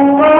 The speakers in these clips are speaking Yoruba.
الله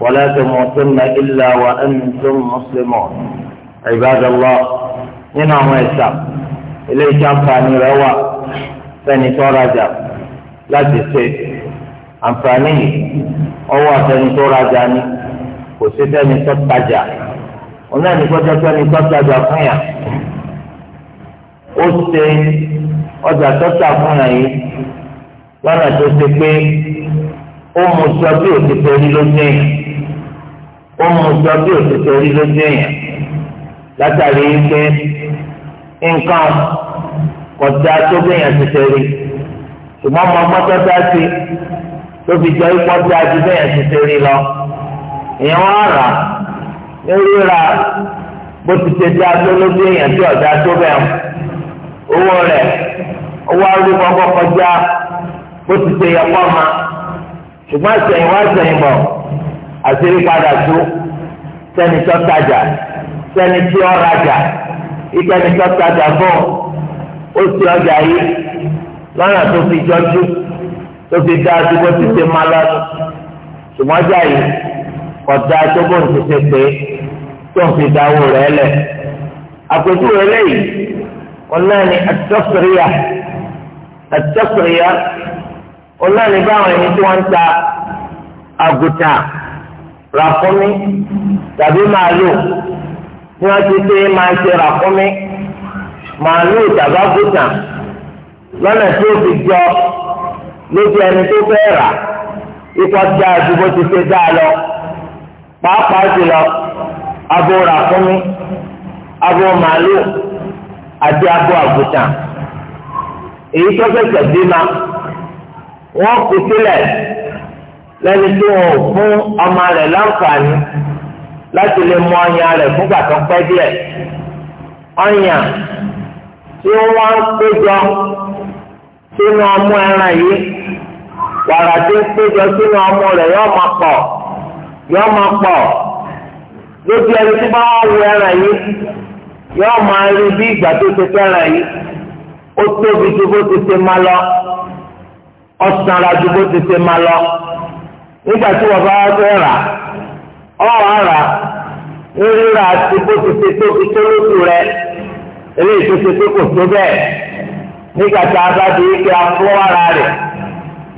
ولا تموتن إلا وأنتم مسلمون عباد الله nínú àwọn ẹ̀sà eléyìí àǹfààní rẹ̀ wà fẹ́ni tó rajà láti ṣe àǹfààní yìí ọwọ́ àfẹ́ni tó rajà ni kò sí fẹ́ni tó tajà òun náà ní kọjá fẹ́ni tó tajà fún yà ó ṣe ọjà tó tà fún yà yìí lọ́nà tó ṣe pé ó mú sọ bí òtítọ́ rí ló ní yà ó mú jọ bí òtítọ́ orí lójú èèyàn látàrí pé nǹkan kọjá tó gbẹ̀yàn ti tẹ̀lé ṣùgbọ́n ọmọ mọ́tọ́ dá sí tó fi jẹ́ ipò tí a ti gbẹ̀yàn ti tẹ̀lé lọ èèyàn wá rà ní rírà bó ti ṣe dá tó lójú èèyàn tí ọ̀dá tó bẹ̀rù owó rẹ̀ owó arúgbó kọjá bó ti ṣe yẹ kọ́ ma ṣùgbọ́n àṣẹyìnwá àṣẹyìnbọ̀ àṣírí padà tó sẹ́ni tó tajà sẹ́ni tí ó rajà ìkẹ́ni tó tajà fún ó sì ọjà yìí lọ́nà tó fi jọjú tó fi dá aṣọ ti ṣe máa lọ ṣùgbọ́n ọjà yìí kọ̀dá tó bó ń ti ṣe pé tó ń fi dáwó rẹ̀ lẹ̀ àpèjúwe eléyìí wọn náà ni àtọ́síríyà àtọ́síríyà wọn náà ni báwọn ẹni tí wọ́n ń ta àgùtà. ràkúnmí tàbí màálù tí wọ́n ti pé máa ṣe ràkúnmí màálù tàbákùtà lọ́nà tí ó fi jọ lójú ẹni tó fẹ́ rà ikọ̀ ti ṣe dáa lọ pàápàá jùlọ abo ràkúnmí abo màálù àti abo àgùtà èyí tó fẹsẹ̀ lẹ́ni tí wọn ò fún ọmọ rẹ̀ láǹfààní láti lè mú ọyàn rẹ̀ fúngbà tó pẹ́ díẹ̀ ọyàn tí wọ́n ń péjọ sínú ọmú ẹran yìí wàrà tí ń péjọ sínú ọmú rẹ̀ yóò máa pọ̀ yóò máa pọ̀ lójú ẹni tí bá wọ́n wọ ẹran yìí yóò máa rí bí ìgbà tó ṣe fẹ́ràn yìí ó tóbi ju bó ti ṣe máa lọ ọ̀sán ara ju bó ti ṣe máa lọ. nígbà tí wọ́n bá fẹ́ rà ọ̀rọ̀ àrà rírà àti bó ti tó fi tó lóṣù rẹ eléyìí tó kò tó bẹ́ẹ̀ nígbà tí a bá di ike afọ́ ara rẹ̀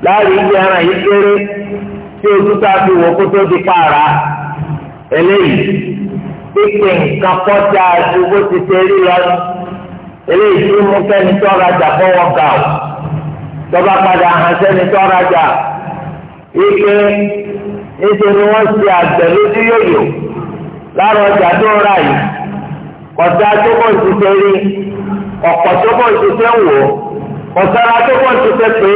láàrin ibi ẹran yìí kéré tí ojú fi wò kó tó di eléyìí pípé nǹkan ti ṣe rí lọ eléyìí tí ike ńṣe ni wọ́n ṣe àgbẹ̀ lójú yòyò lára ọjà tó ń yìí kọ̀tà tó bọ̀ ṣiṣẹ́ rí ọ̀pọ̀ tó bọ̀ ṣiṣẹ́ wò kọ̀tàrà tó sọ pé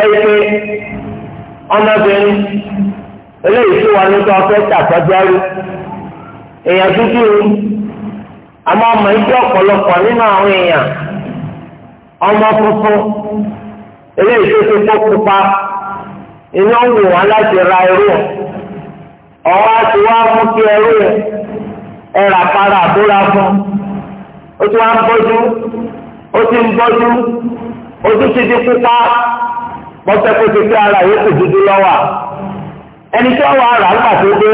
ike ọmọbìnrin eléyìí tí wọ́n ní sọ fẹ́ èèyàn dúdú àmọ́ ọmọ ìdí ọ̀pọ̀lọpọ̀ nínú àwọn èèyàn ọmọ tuntun eléyìí tó ti kó pupa iná ń wù wọn láti ra irú ọwọ́ àti wá mú kí ẹrú ẹ̀rà para àbúrà fún ó ti wá ń bọ́jú ó ti ń bọ́jú ojú ti di pupa tí ara yóò dúdú lọ́wọ́ ẹni tí wọ́n wà rà dé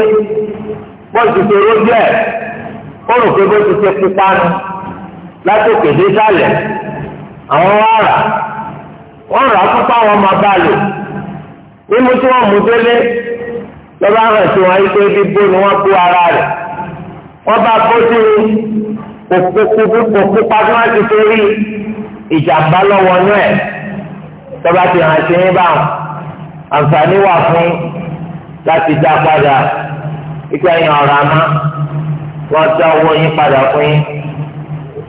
bọ́ọ̀sì tó ẹ̀. ó rò pé bó ti ṣe pupa nu látòkè dé sálẹ̀ àwọn wá rà wọ́n rà pupa wọn máa bá lò mímú tí wọ́n mú délé lọ́ba hàn sí wọn ayíkó bíbó ni wọ́n kó ara rẹ̀ wọ́n bá bó sí òkú pàtó láti torí ìjàmbá lọ́wọ́ náà ẹ̀ tọ́ba ti hàn sí yín àǹfààní wà fún láti dá padà ikú ẹ̀yìn ọ̀rọ̀ àmọ́ wọ́n dá owó yín padà fún yín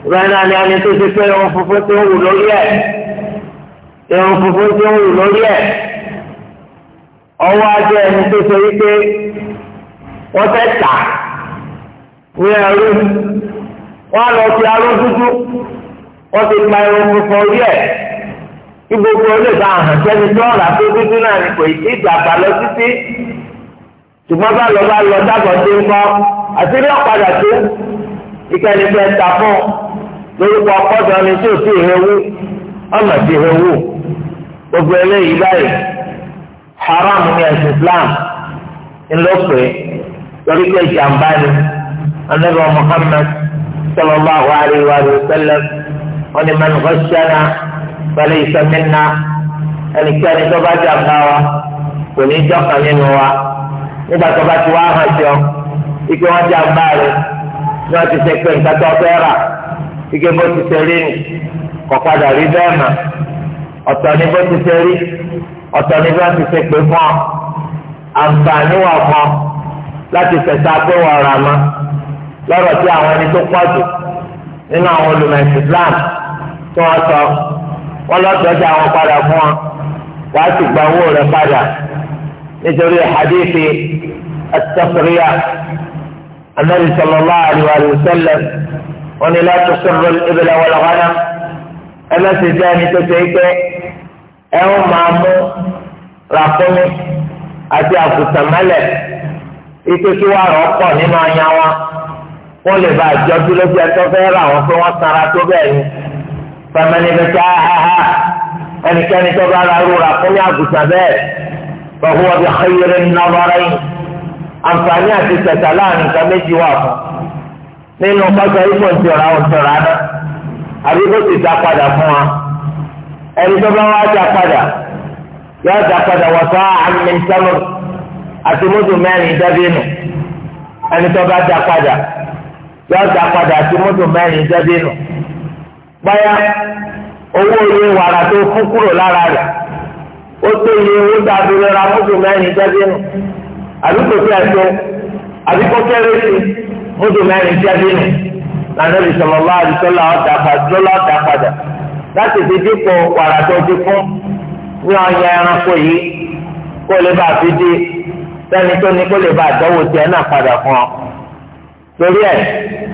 bẹ́ẹ̀ náà ni ẹni tó ti pé ohun funfun tó wù lórí ẹ̀ ohun funfun tó wù lórí ẹ̀ ọwọ́ ajé ẹni tó sọ wípé wọ́n fẹ́ tà ní ẹrú wọ́n lọ sí arú dúdú wọ́n ti pa irun funfun orí ẹ̀ kí gbogbo olè bá hàn sẹ́ni tó ọ̀rà tó dúdú náà ni kò tí ì dàgbà lọ títí ṣùgbọ́n bá lọ bá lọ dàgbà tó ń àti ilé ọ̀padà tó ìkànnì bẹ́ẹ̀ ta fún ọ lórúkọ ọkọ̀dọ̀ ni tí ò sí ìhẹ́wú ọmọ sí ìhẹ́wú gbogbo eléyìí báyìí haram ni ẹ̀sìn Islam ńlọpẹ lórí pé ìjàmbá ni anabi Muhammad sallallahu alayhi wa sallam wọn ni man ghashana falaysa minna ẹnikẹ́ni tó bá jàmbá wa kò ní jọ́kàn nínú wa nígbà tó bá ti wá hàn jọ ike wọn já gbá rẹ ní wọn ti ṣe pé nǹkan tó fẹ́ rà ike bó ti ṣe rí ni kò padà rí bẹ́ẹ̀ mà ọ̀tọ̀ ni bó ti ṣe rí ọ̀tọ̀ ni bó ti ṣe pé fún ọ àǹfààní wà fún ọ láti tẹ̀sà pé wọ́n rà mọ́ tí àwọn ẹni tó pọ̀ jù nínú àwọn olùmọ̀ẹ̀sì Islam tí wọ́n sọ wọ́n lọ́dọ̀ọ́jà wọn padà fún wọn wàá sì gba owó rẹ̀ padà nítorí hadithi at-tasriya. النبي صلى الله عليه وآله وسلم وأن لا تصر الإبل والغنم أما سيداني تسعيك أو مامو رقمي أتي أكو تملك إتكي وارقا نما يوا wọ́n lè ba àjọjú lójú ẹjọ́ fẹ́ẹ́ rà wọ́n pé wọ́n sanra tó bẹ́ẹ̀ ni fẹmẹni bẹ tá aha ẹnikẹ́ni tó bá ra rúra fún ní àgùntàn bẹ́ẹ̀ bàbá wọn bí xeyere ńlá wọn rẹ yìí àǹfààní àti tẹ̀tà láàrin nǹkan méjì wà fún nínú kọ́sọ̀ ipò ntìọ̀rà ọ̀tọ̀rà náà àbí kó sì dá padà fún wa ẹni tó bá wá dá padà yóò dá padà wọ́n sọ ah, àmì sẹ́mu àti mọ́tò mẹ́rin dẹ́bínú ẹni tó bá dá padà yóò dá padà àti mọ́tò mẹ́rin dẹ́bínú báyà owó iye wàrà tó fún kúrò lára rẹ̀ ó tó iye owó dàbí rẹ̀ ra mọ́tò mẹ́rin dẹ́bínú àdúgbò tí a tó àdúgbò kẹrẹ sí mọ́tò mẹ́rin tí a dé nù lànà lè sọ̀rọ̀ bá àdìsọ́lá ọ̀dà padà láti fi dípò wàrà tó ti fún ní ọ̀yà ẹranko yìí kó lè bá fi dé sẹ́ni tó ní kó lè bá àdánwò tiẹ̀ náà padà fún ọ. torí ẹ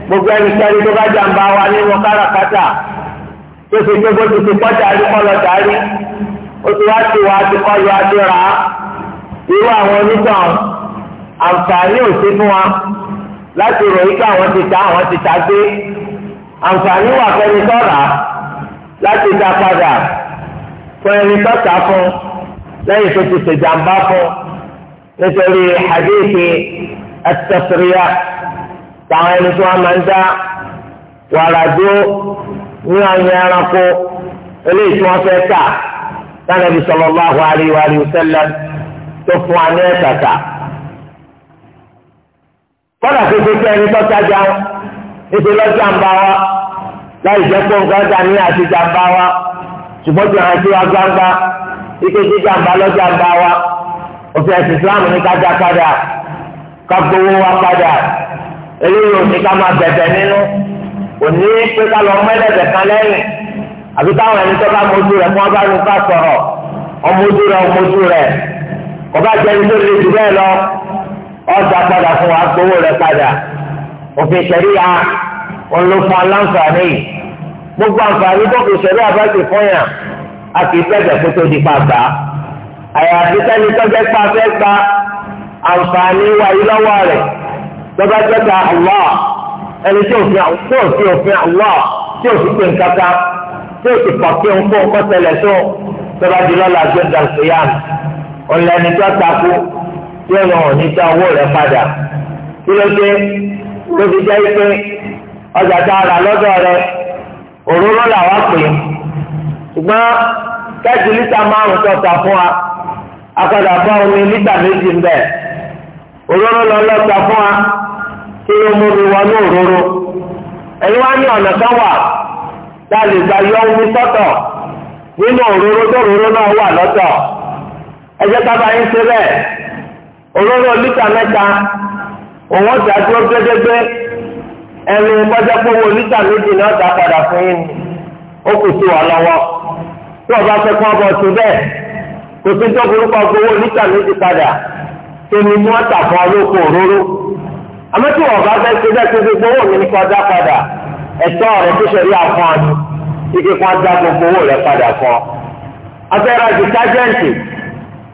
gbogbo ẹnikẹ́ni tó bá jàǹbá wa nínú káràkátà tó fi gbé bó ti fi kọjá rí kọ́ lọ dárí ó ti wá ti wá ti kọ́ lọ adúrà irú àwọn onítàn àǹfààní ò sí fún wa láti rò yí pé àwọn ti ta àwọn ti ta gbé àǹfààní wà fẹ́ni tọ́ra láti ta padà fún ẹni tọ́ta fún lẹ́yìn tó ti ṣèjàmbá fún nítorí hadithi ẹsẹ̀sẹ̀ríyà táwọn ẹni tó wá máa ń dá wàrà dúró ní àwọn ẹranko eléyìí tí wọ́n fẹ́ tà sanabi sallallahu alayhi wa sallam tó fún wa ní ẹ̀ka tà kọ́lá gbogbo tí ẹni tọ́tajà níbi lọ́jà ń bá wa láì jẹ́ pé nǹkan ọjà ní àtijọ́ ń bá wa ṣùgbọ́n tí wọ́n ti wá gbangba ike jíjà ń bá lọ́jà ń bá wa òfin ẹ̀sìn Islam ní kájà padà ká gbowó wa padà eléyìí òní ká máa bẹ̀bẹ̀ nínú òní pé ká lọ mẹ́lẹ̀dẹ̀ kan lẹ́yìn àbí táwọn ẹni tó bá mójú rẹ̀ fún ọba ní ká sọ̀rọ̀ ọmọdú rẹ̀ ọmọdú rẹ̀ kọ́ bá jẹ́ ní tó le ọjà padà fún wa gbowó rẹ padà òfin ṣẹ̀ríya òun ló fún aláǹfààní yìí gbogbo àǹfààní tó fi ṣẹ̀ríya bá ti fún yàn a kì í tẹ̀sẹ̀ kó tó di pa àyàfi sẹ́ni tọ́jẹ́ pa fẹ́ gba àǹfààní wa yìí lọ́wọ́ rẹ̀ lọ́ba jẹ́ta Allah ẹni tí òfin tí òfin òfin Allah tí òfin pè nkaka tí òfin pàkí nkó nkọ́sẹ̀lẹ̀ tó tọ́ba di lọ́la jẹ́ta ṣèyàn ọ̀lẹ́ni tó takú. yóò lọ owó rẹ padà kí ló jẹ́ pé ọjà tá a rà lọ́dọ̀ rẹ òróró làwa pè é ṣùgbọ́n kẹ́ẹ̀tì lítà márùn tó fún wa akọ̀dà fún omi lítà méjì ń bẹ̀ òróró lọ lọ́ta fún wa kí ló mú mi wọnú òróró ẹ̀yin wá ní ọ̀nà kan wà tá a lè gba yọ omi sọ́tọ̀ nínú òróró tó òróró náà wà olóró lítà mẹta òun ọjà dúró gbẹdẹgbẹ ẹnu kọjá pé owó lítà méjì ni padà fún yín ó kù sí tí ọba ọbọ tó kò sí tó burúkọ gbowó lítà méjì padà fún òróró ọba ṣe tó fi gbowó mi ní kọjá padà ẹ̀tọ́ rẹ̀ tó àfọn ike ajá gbogbo owó padà dìtájẹ́ǹtì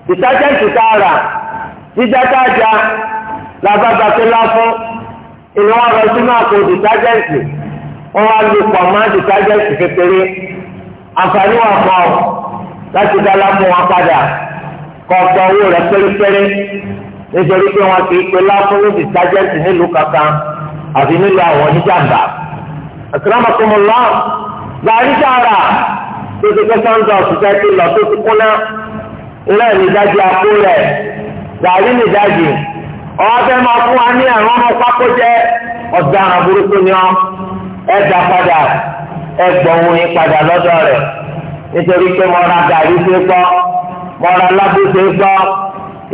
dìtájẹ́ǹtì tá jíjá tájà làbàgbà tó láfọ́ ìlú wọn lọ sínú àpò dìtájẹ́ǹtì wọn wá lu pàmò dìtájẹ́ǹtì kékeré àǹfààní wà fún ọ láti dára mú wọn padà kọ gbọ owó rẹ pérépéré nítorí pé wọn kì í pe láfún ní dìtájẹ́ǹtì nílùú kankan àti nílùú àwọn oníjàmbá àkàràmọ̀kọ́mọ̀lá gàrí sára tó ti kẹ́sán-dọ̀ ọ̀sùn tẹ́tí lọ tó ti kúnná ńlẹ́ẹ̀ni dájú àkó rẹ̀ gàrí lè dájì ọ̀fẹ́ máa fún wa ní ẹ̀rọ ọmọ pákó jẹ́ ọ̀daràn burúkú ni ọ́ ẹ dá padà ẹ gbọ̀hún yín padà lọ́dọ̀ rẹ̀ nítorí pé mo ra gàrí ṣe gbọ́ mo ra lábú ṣe gbọ́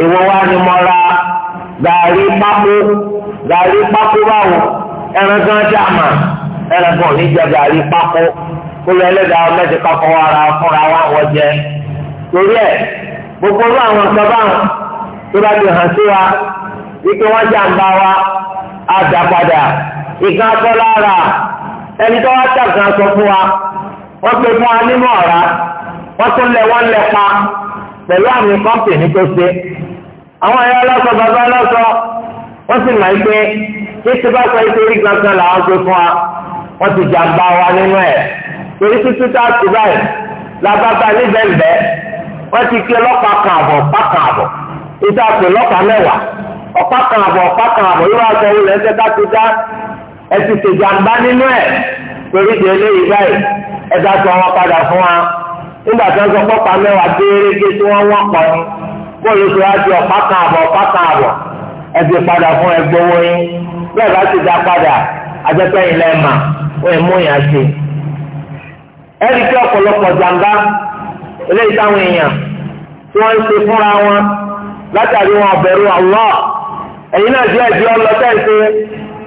ìwọ wa ni mo ra gàrí pákó gàrí pákó báwo ẹran gan jẹ́ àmà ẹran gan ní jẹ gàrí pákó kó lọ ẹlẹ́dàá mẹ́tẹ̀ẹ́ká wa ra fúnra wa wọ́n jẹ torí ẹ̀ gbogbo olú àwọn ìjọba tó bá ti hàn sí wa wípé wọ́n jàǹbá wa á dá padà ìkan sọ lára ẹni tó wá tàkàn sọ fún wa wọ́n pe fún wa nínú ọ̀rá wọ́n tún lẹ wọ́n lẹ pa pẹ̀lú àmì kọ́mpìnì tó ṣe àwọn ẹ̀yà ọlọ́sọ bàbá ọlọ́sọ wọ́n sì máa ń pé títí bá sọ ìtorí gangan làwọn gbé fún wa wọ́n ti jàǹbá wa nínú ẹ̀ torí títí tá a ti báyìí làbàbà níbẹ̀ ń bẹ́ wọ́n ti kí ọlọ́pàá kan àbọ̀ ìta pè lọ́pàá mẹ́wàá ọ̀pá kan àbọ̀ ọ̀pá kan àbọ̀ yóò wá sọ ẹtì tèjàmbá nínú ẹ̀ torí di eléyìí báyìí ẹ̀dá wọn padà fún wa nígbà sọ pọ́pá mẹ́wàá déédéé tí wọ́n wọ́n pọ̀ ní bóyá ọ̀pá kan àbọ̀ ọ̀pá kan àbọ̀ padà fún yín bẹ́ẹ̀ bá ti dá padà àjẹpẹ́ yìí mà látàrí wọn ọ̀bẹ̀rù Allah ẹ̀yin náà díẹ̀ díẹ̀ ọlọ tẹ̀sí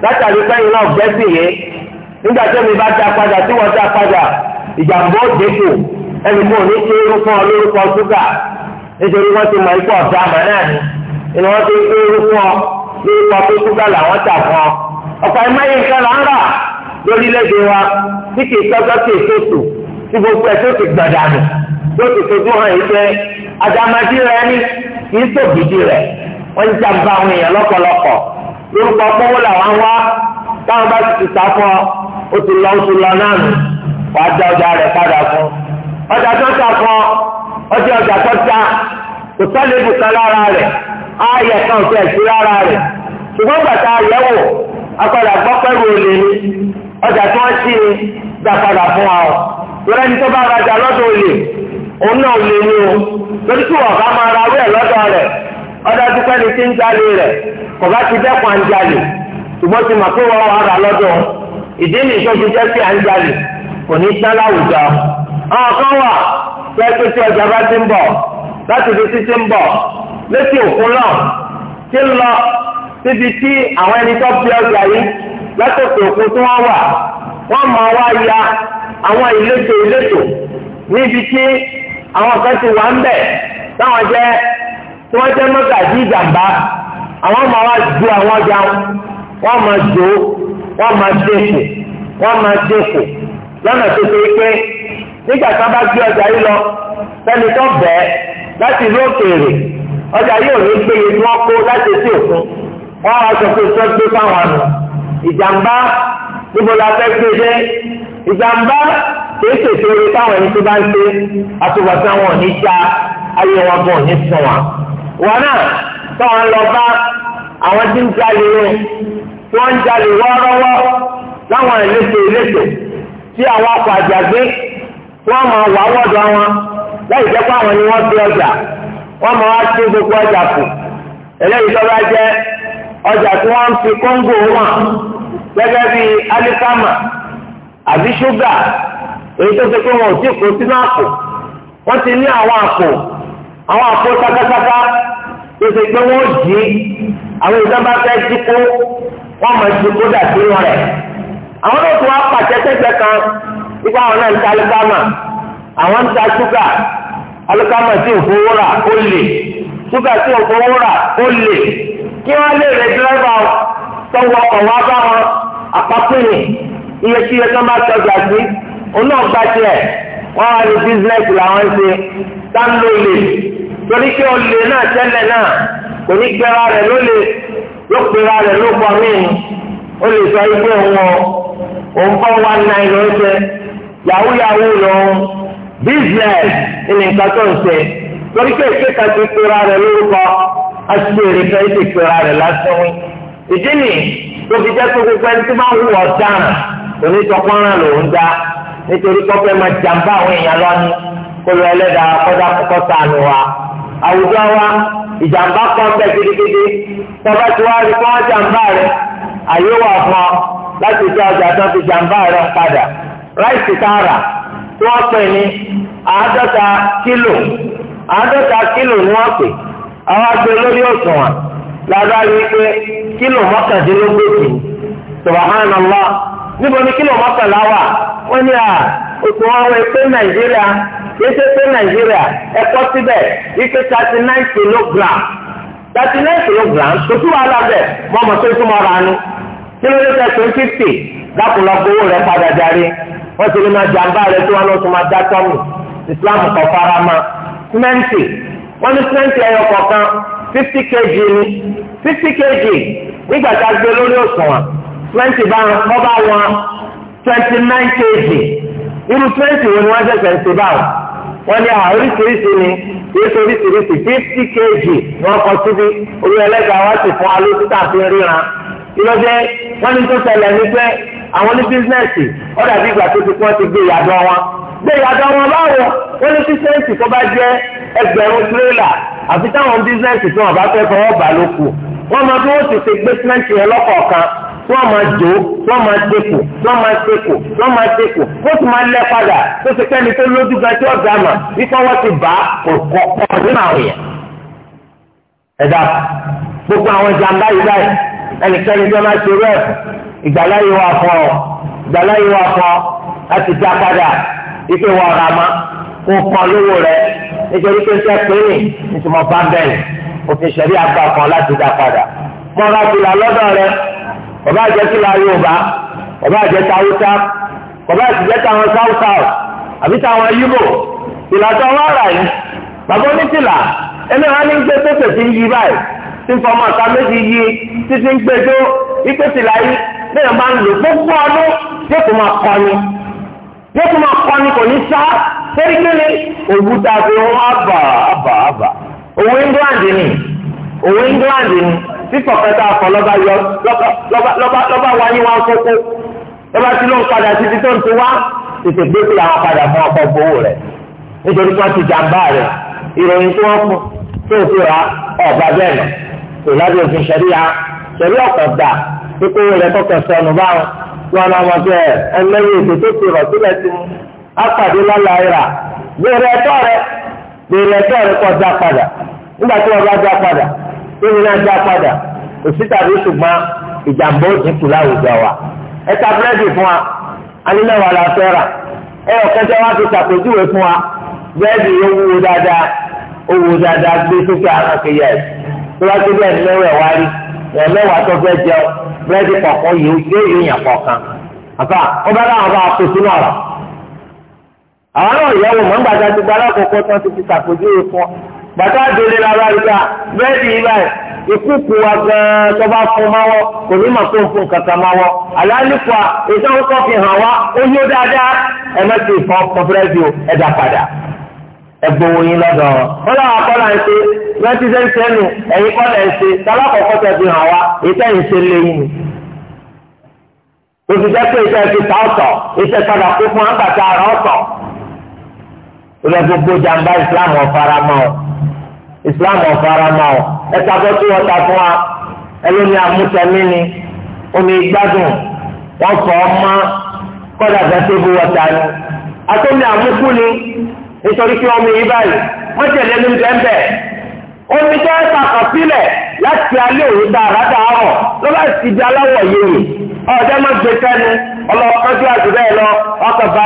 látàrí pẹ́yìn náà gbẹ́sì yé nígbà tó mi bá ta padà tí wọ́n ta padà ìjàmbá òdekù ẹnì kan ò ní ṣe irúfọ́ lórúkọ ṣúgà nítorí wọ́n ti mọ ikú ọ̀dà àmọ́ ni ìnáwó tó ń ṣe irúfọ́ lórúkọ pé ṣúgà làwọn tà fún ọ ọ̀pọ̀ ẹ̀mọ́ yìí nǹkan là ń rà lórílẹ̀‐èdè wa tí kì í tọ́jọ́ kì í tóṣù tí gbogbo ẹ̀ tó ti gbọ̀dànù tó ti fojú hàn yìí jẹ́ àdàmàdì rẹ kì gidi rẹ rẹ̀ wọ́n ń jàǹbá àwọn èèyàn lọ́pọ̀lọpọ̀ lórúkọ pọ́wọ́ làwọn wá táwọn bá ti sá fún ọ ó ti lọ ó ti lọ wà á dá ọjà rẹ̀ padà fún ọjà tó ta fún ọ ọjà ọjà tó ta kò sọ́lé lára rẹ ààyè kan sí lára olè ni ọjà tó ń onu náà o lórí tí maara bá máa ra awé lọ́dọ̀ rẹ̀ ọdọ dúpẹ́ ń jalè rẹ̀ kò bá ti dẹ́kun àǹjalè ṣùgbọ́n ti mà pé wọ́n wà rà lọ́dọ̀ ìdí ti jẹ́ sí àǹjalè kò ní tán láwùjọ. àwọn kan wà pẹ́ẹ́pẹ́ tí ọjà bá ti ń bọ̀ láti fi títí ń bọ̀ létí òkun náà ti ń lọ ya àwọn níbi àwọn kan ti wà ń bẹ̀ táwọn jẹ́ tí wọ́n jẹ́ ìjàmbá àwọn máa wá ju àwọn ọjà wọn máa máa dẹ́kù máa dẹ́kù lọ́nà tó ṣe pé nígbà tí wọ́n lọ sẹ́ni tó láti òkèèrè ọjà ní gbé tí wọ́n kó láti òkun wọ́n á kìí ṣètò orí táwọn ẹni tó bá ń ṣe àtúbọ̀tán wọn ní já ayé wọn bọ̀ ní sùn wọn. wọn náà táwọn lọ bá àwọn tí ń jalè rẹ tí wọ́n ń jalè wọ́ọ́rọ́wọ́ láwọn ìletò ìletò tí àwọn wọn fi ọjà wọ́n máa wá sí gbogbo ọjà kù ọjà tí fi kóńgò wọn gẹ́gẹ́ bíi alikama àbí ṣúgà èyí tó ṣe pé wọn ò tí kó sínú àpò wọ́n ti ní àwọn àpò àwọn àpò sakasaka tó ṣe pé wọ́n jí àwọn ìjọba fẹ́ jí kó wọ́n mọ̀ jí kó dàbí rẹ̀ àwọn náà tó wá pàṣẹ tẹ́gbẹ́ kan nípa àwọn náà ń ta alikama àwọn ń ta ṣúgà alikama tí ò fowó rà ó lè ṣúgà tí ò fowó rà ó lè kí wọ́n lè rẹ̀ dírẹ́bà tọwọ́ ọ̀wá bá wọn àpapọ̀ yìí iye tí iye kan bá tọ́jà sí onáàgbà tiẹ̀ wọ́n wá ní bísínẹ́sì làwọn ń ṣe sáńdó lè torí pé olè náà tẹ́lẹ̀ náà kò ní gbéra rẹ̀ lólè yóò gbéra rẹ̀ ló pọ̀ míì ó lè sọ igbó òun o òun bọ́ wá náà ló ń ṣe yahoo yahoo lòun bísínẹ́sì ní nǹkan tó ń ṣe torí pé ìṣèkà ti gbéra rẹ̀ lórúkọ aṣèrè fẹ́ ti gbéra rẹ̀ lásán wí ìdí nìyí tó fi jẹ́ pé gbogbo ẹni tí máa ń wù ọ́ dáhùn onítọ̀pọ̀nrán lòún dá nítorí kọ́fẹ́ máa jàǹbá àwọn èèyàn lọ́nu kó lọ ẹlẹ́dàá kọ́dá kọ́kọ́ sànù wa. àwùjọ wa ìjàǹbá kan bẹ́ẹ̀ gidigidi tọ́ba tí wàá rí kọ́ jàǹbá rẹ̀ àyè wà fún ọ láti fi ọjà tán fi jàǹbá rẹ̀ ń padà. ráìsì tààrà tí wọ́n pè ní àádọ́ta kílò àádọ́ta kílò ni wọ́n pè àwọn agbe lórí òṣùwọ̀n lábárí pé kílò mọ́kàndínlógójì subhanallah níbo ni kílò mọ́kànlá wà wọ́n ní à òkú ọrọ̀ ẹgbẹ́ nàìjíríà yéṣe pé nàìjíríà ẹ̀kọ́ síbẹ̀ wípé thirty nine kilogram thirty nine kilogram kò sí wàhálà bẹ̀ mọ́ ọmọ tó súnmọ́ ra nu kí ló dé tẹ̀sán fifty dákùnlọ́ gbowó rẹ̀ padà darí wọ́n ti lè máa jàǹbá rẹ̀ tí wọ́n lọ tún máa dá tọ́mù islam kọ̀ fara twenty wọ́n ní twenty ẹyọ kọ̀ọ̀kan fifty kg ni fifty kg nígbà tá a gbé lórí òṣùwọ̀n twenty bá wọn bá wọn twenty nine kg irú twenty wo ni wọ́n ṣẹ̀ṣẹ̀ ń ṣe báwọn wọ́n ní oríṣiríṣi ni oríṣi oríṣiríṣi fifty kg wọ́n kọ síbi orí ẹlẹ́gbẹ̀ẹ́ wá sì fún alóòtú tàbí ríran ìlọ́jẹ́ wọ́n ní tó ṣẹlẹ̀ ní pé àwọn ní bísínẹ́sì ọ̀dà bí ìgbà tó ti pọ́n ti gbé ìyàdọ̀ wọn gbé ìyàdọ̀ wọn báwo wọ́n ní bísínẹ́sì tó bá jẹ́ ẹgbẹ̀rún tírélà àfi táwọn bísínẹ́sì tó wọn bá fẹ́ fọwọ́ bà lóko wọ́n máa bí wọ́n ti ṣe gbé wọ́n máa jó wọ́n máa dẹ́kù wọ́n máa dẹ́kù wọ́n máa dẹ́kù ó sì máa lẹ́ padà tó ti kẹ́ni tó lójú gan tí ọ̀gá mà wípé wọ́n ti bá kọ̀ọ̀kọ̀ nínú àwọn yẹn. ẹ̀dá gbogbo àwọn jàǹbá yìí báyìí ẹnikẹ́ni tó máa ṣe rẹ̀ ìgbàláyé wà fọ́ ìgbàláyé wà fọ́ láti dá padà ife wọ ọ̀rọ̀ àmọ́ kó kọ́ lówó rẹ̀ nítorí pé ń tẹ́ pé ní ìtumọ̀ bá bẹ̀rẹ̀ òfin ṣẹ̀rí àgbà kan láti dá padà mọ́ra ti là lọ́dọ̀ rẹ̀ ọba àjẹsí la Yorùbá ọba àjẹsí Haúsá ọba àtijọ́ táwọn south south àbí táwọn Yíbò tìlà tó wá rà yìí bàbá onítìlà ẹni wọn ní gbé pépè tí ń yí báyìí tí ń fọmọ ọ̀sán méjì yí títí ń gbẹjọ ipò tìlà yìí bẹ́ẹ̀ máa ń lò gbogbo ọdún yóò tún máa kọ́ni yóò tún máa kọ́ni kò ní sá kérékéré òwú tàbí ohun àbà àbà àbà òwú England ni òwú England ni pípọ̀ kẹta akọ lọ́ba yọ lọ́ba wá ní wọn kókó lọ́ba tí ló ń padà títí tó ń ti wá tètè gbé pé àwọn padà fún ọkọ̀ gbowó rẹ̀ nítorí wọn ti jàǹbá rẹ̀ ìròyìn tí wọ́n fún tó fi ra ọ̀gá bẹ́ẹ̀ nà kò lábẹ́ òfin ṣẹ̀ríya ṣẹ̀rí ọ̀kọ̀ gbà pípé rẹ̀ kọ̀kọ̀ sọnù báwọn wọn náà wọn bẹ́ẹ̀ ẹlẹ́yìn èdè tó ti rọ̀ sílẹ̀ sí mu apàdé lọ́la ìrà gbèrè ẹ̀tọ́ rẹ̀ gbèrè ẹ̀tọ́ rẹ̀ kọjá padà nígbà tí wọ́n bá já padà lórí náà padà òsì tàbí ṣùgbọ́n ìjàmbá òsì kù láwùjọ wa ẹ ta búrẹ́dì fún wa anínáwó la fẹ́ rà ẹ ọ̀kẹ́jọ́ wa ṣàpèjúwe fún wa búrẹ́dì yóò wúwo dáadáa ó wúwo dáadáa gbé sókè àwọn kéèyàn ẹ̀ tó wá gbé bẹ́ẹ̀ wá rí ẹ̀ jẹun búrẹ́dì kọ̀ọ̀kan yóò yóò kọ̀ọ̀kan àfà bá a kó sínú ọ̀rọ̀ àwọn ń gbàdá bàtà délé la bá rí ká bẹ́ẹ̀dì yìí báyìí ìkúkú wa gan-an tó bá fún ma wọ́ kò ní mà tó fún kankan ma wọ́ àlàáfíà ìtàn kọ́ fi hàn wá ó yó dáadáa ẹ má ti fọ́ kọ́fẹ́rẹ́sì o ẹ dá padà ẹ gbowó yín lọ́dọ̀ wọn làwọn akọ́là ń ṣe rántí sẹ́ńsẹ́nu ẹ̀yin kọ́là ń ṣe tálákọ̀ọ́kọ́ tẹ̀ fi hàn wá ìtẹ̀yìn ṣe léyìn ni òṣìṣẹ́ pé iṣẹ́ ti ta ọ̀tọ̀ iṣẹ́ padà kó fún àgbàtà ọ̀tọ̀ islam ọ̀farama ọ̀ ẹ̀ka bọ́ tí wọ́n ta fún wa ẹlẹ́ni amúsẹ́mí ni omi gbádùn wọ́n fọ́ ọmọ kọ́dà gàtẹ́bù wọ́ta ni atọ́mi àmúkú ni nítorí pé ọmọ yìí báyìí wọ́n tẹ̀lé ní bẹ́ẹ̀ omi tẹ́ kàkọ́ sílẹ̀ láti alẹ́ òun dáradá ọ̀ lọ́ba sì di aláwọ̀ yìí gbé sẹ́nu àti bẹ́ẹ̀ lọ ọkọ̀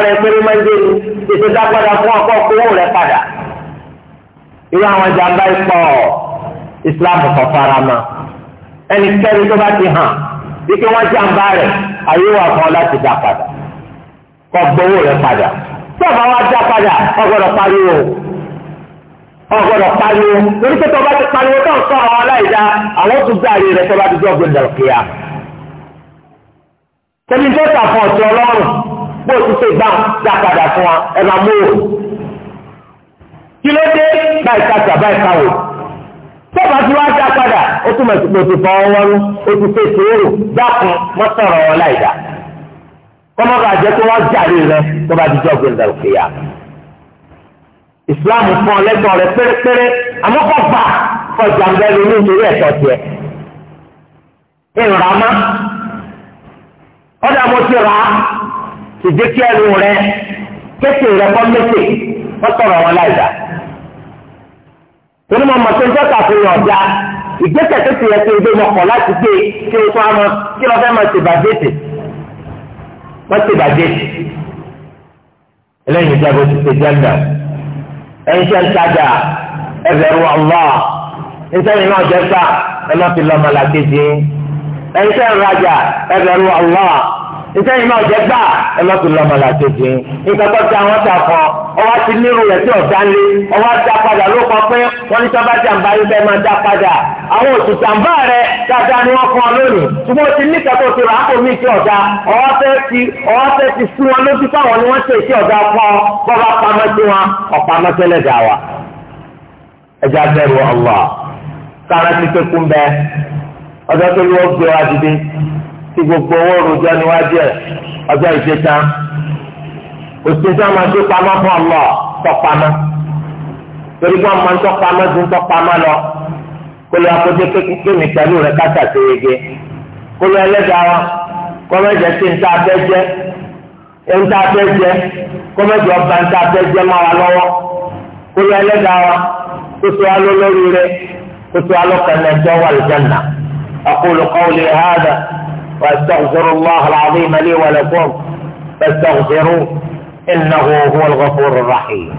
ni fún ọkọ̀ rẹ̀ padà. irú àwọn jàmbá ipò islam kò farama ẹnikẹ́ni tó bá ti hàn wípé wọ́n jàmbá rẹ̀ ayé wà fún ọ láti dá padà kọ́ gbowó rẹ̀ padà tí ọba wa dá padà ọgbọ́dọ̀ pariwo ọgbọ́dọ̀ pariwo lórí pé tọba ti pariwo tó ń sọ àwọn aláìda àwọn tó dáre rẹ̀ tọba ti dọ́gbé dàrúkìá tẹbi tó tà fún ọtí Ọlọ́run bó o ti ṣe gbà dá padà fún wa ẹ máa mú òun kí ló dé báyìí kájà báyìí káwò sọ́ba tí wọ́n á dá padà ó túmọ̀ sí pé o ti fọ ọwọ́ rú o ti fẹ́ sòwòrò dákun mọ́ sọ̀rọ̀ wọn láì dá kọ́mọ́ bá jẹ́ pé wọ́n jàre rẹ tó bá dijọ́ gbẹ̀ndà òkè yá Islam fún ọ lẹ́tọ̀ọ́ rẹ pérépéré àmọ́ kọ́ gbà kọjá ń bẹ́ẹ̀ lórí nítorí ẹ̀tọ́ tiẹ̀ ìrànmá ọ̀dà mo ti rà á ti dé kí ẹnu rẹ kékeré rẹ kọ́ mẹ́tẹ̀ wọ́n láì dá torí mo mọ̀ tó ń tẹ́ka fún yàn ọ̀dà ìgbésẹ̀ tó ti yẹ kí ebi mo kọ̀ láti gbé kí o tún àmọ́ kí lọ fẹ́ máa ṣe bàjẹ́tì wọ́n ṣe bàjẹ́tì ẹlẹ́yìn ìjábọ̀ ti ṣe jẹ́ndà ẹ̀yin ṣe ń ọ̀lá nítorí náà jẹ́ sá ẹ lọ́mọ làkejì ẹ̀yin ṣe ń ọ̀lá ìsẹ́yìn náà jẹ́ gbà ẹ lọ́ọ́ tó lọ́ ọmọ làjò jì í nǹkan tó ti àwọn ta fọ ọwọ́ ti nírú rẹ̀ tí ọ̀dá lé ọwọ́ dá padà ló kọ pé wọ́n ní sábà yín bẹ́ẹ̀ máa dá padà àwọn rẹ̀ dáadáa ni wọ́n fún ọ lónìí ṣùgbọ́n ti ní kẹ́kọ̀ọ́ ti rà á kò ọwọ́ fẹ́ ti ọwọ́ fẹ́ ti sún wọn lójú fáwọn ni wọ́n ṣe tí gbogbo owó rojọ́ níwájú ẹ̀ ọjọ́ ìṣẹ́ta òṣìṣẹ́ máa gbé pamọ́ fún ọlọ́ tọpamọ́ torí pé ọmọ ntọpamọ́ ju ntọpamọ́ lọ kó lè akójé kékeré mi pẹ̀lú rẹ̀ káta sí yege kó lè ẹlẹ́dàá wa kọ́mẹ́jẹ sí ntá abẹ́ jẹ́ ntá abẹ́ jẹ́ kọ́mẹ́jẹ ọba ntá abẹ́ jẹ́ máa wà lọ́wọ́ kó lè ẹlẹ́dàá wa kó tó alólórí rẹ̀ kó tó alọ́kànnà ẹ̀jọ́ wà lùjánà. أقول قولي هذا وأستغفر الله العظيم لي ولكم فاستغفروه إنه هو الغفور الرحيم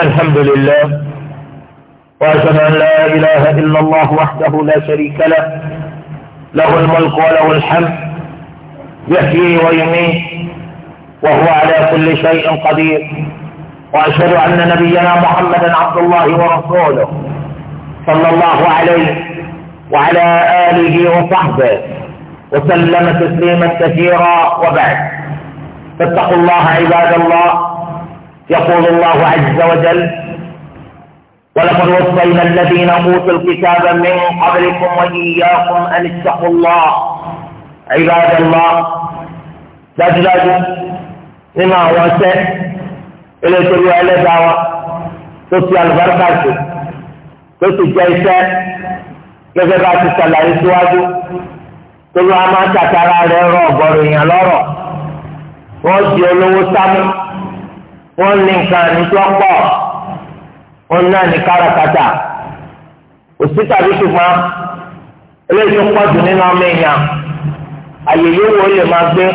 الحمد لله وأشهد أن لا إله إلا الله وحده لا شريك له له الملك وله الحمد يحيي ويميت وهو على كل شيء قدير وأشهد أن نبينا محمدا عبد الله ورسوله صلى الله عليه وعلى آله وصحبه وسلم تسليما كثيرا وبعد فاتقوا الله عباد الله يقول الله عز وجل ولقد وصينا الذين أوتوا الكتاب من قبلكم وإياكم أن اتقوا الله Ibadallah dájúdájú nínú àwọn ṣẹ́ eléyìí ẹlẹ́dàá wa tó fi àlùbáríkà sí tó sì jẹ́ iṣẹ́ gẹ́gẹ́ bá ti ṣàlàyé síwájú tó ló a máa tàkàrà rẹ̀ rọ̀ ọ̀gọ̀rọ̀ èèyàn lọ́rọ̀ wọ́n di olówó sámú wọ́n ní nǹkan àníjọ́ pọ̀ náà ní káràkátà òsì tàbí ṣùgbọ́n eléyìí tó pọ̀ jù nínú ọmọ èèyàn àyè yòówù ó lè máa gbé